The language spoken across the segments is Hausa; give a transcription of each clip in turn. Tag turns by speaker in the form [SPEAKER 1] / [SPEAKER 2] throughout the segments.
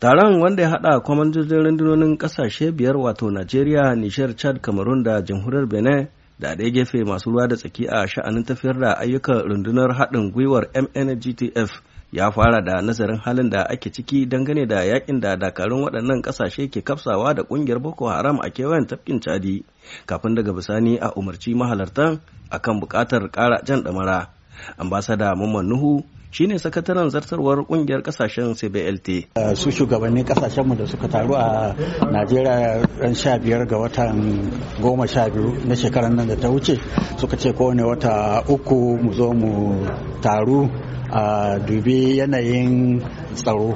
[SPEAKER 1] Taron wanda ya haɗa kwamandojin rundunonin ƙasashe biyar wato Najeriya, Nishar, Chad, Cameroon da Jamhuriyar Benin da ɗaya gefe masu ruwa da tsaki a sha'anin tafiyar da ayyukan rundunar haɗin gwiwar MNGTF ya fara da nazarin halin da ake ciki dangane da yakin da dakarun waɗannan ƙasashe ke kafsawa da ƙungiyar Boko Haram a kewayen tafkin Chadi kafin daga bisani a umarci mahalartan akan buƙatar ƙara jan ɗamara. Ambasada Mamman Nuhu shine sakataren zartarwar kungiyar kasashen CBLT.
[SPEAKER 2] Uh, su shugabannin mu da suka taru a Najeriya ran sha biyar ga watan goma sha biyu na shekarar nan da ta wuce suka ce kowane wata uku mu zo mu taru a dubi yanayin tsaro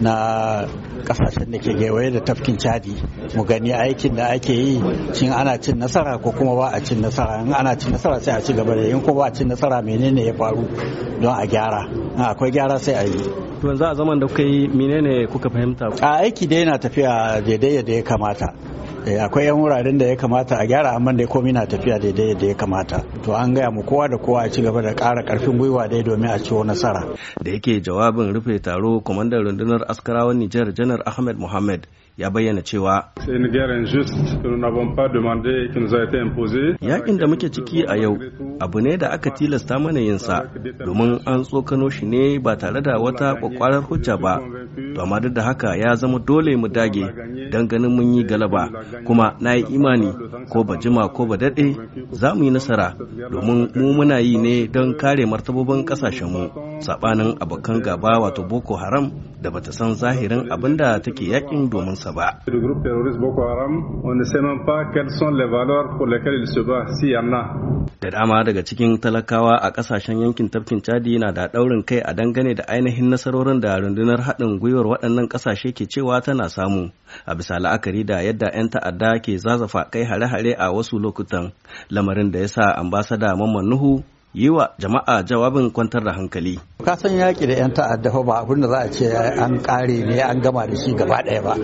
[SPEAKER 2] na kasashen da ke gewaye da tafkin chadi mu gani aikin da ake yi cin ana cin nasara ko kuma ba a cin nasara ana cin nasara sai a ci gaba da yin kuma ba a cin nasara menene ya faru don a gyara gyara akwai gyara sai a yi to yanzu a zaman da kuka yi menene kuka fahimta a aiki dai na tafiya daidai yadda ya kamata eh, akwai yan wuraren da ya kamata a gyara amma dai komai na tafiya daidai da ya kamata to an gaya mu kowa da kowa a ci gaba da ƙara ƙarfin gwiwa dai domin a ciwo nasara
[SPEAKER 1] da yake jawabin rufe taro kwamandan rundunar askarawan Nijar janar Ahmed muhammad ya bayyana cewa yakin da muke ciki a yau abu ne da aka tilasta mana yinsa domin an tsokano shi ne ba tare da wata kwakwarar hujja ba to amma duk da haka ya zama dole mu dage don ganin mun yi galaba kuma na yi imani ko ba jima ko ba daɗe za mu yi nasara domin mu muna yi ne don kare martabobin ƙasashenmu saɓanin abokan gaba wato boko haram da bata san zahirin abin da take yakin domin sa ba. haram da dama daga cikin talakawa a kasashen yankin tafkin chadi na da daurin kai a dangane da ainihin nasarorin da rundunar haɗin gwiwar waɗannan ƙasashe ke cewa tana samu a bisa la'akari da yadda 'yan ta'adda ke zazafa kai hare-hare a wasu lokutan lamarin da ya sa ambasada mamman nuhu yi wa jama'a jawabin kwantar da hankali.
[SPEAKER 2] Ka san yaƙi da 'yan ta'adda ba abin da za a ce an ƙare ne an gama da shi gaba ɗaya ba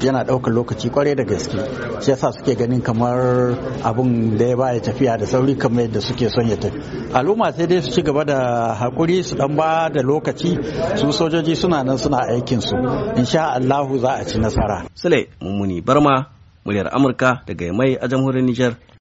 [SPEAKER 2] yana ɗaukar lokaci kwarai da gaske shi yasa suke ganin kamar abin da ya ba ya tafiya da sauri kamar yadda suke son ya tafi al'umma sai dai su ci gaba da haƙuri su ɗan ba da lokaci su sojoji suna nan suna aikin su insha Allahu za a ci nasara
[SPEAKER 1] sule mummuni barma muryar amurka daga mai a jamhuriyar Nijar.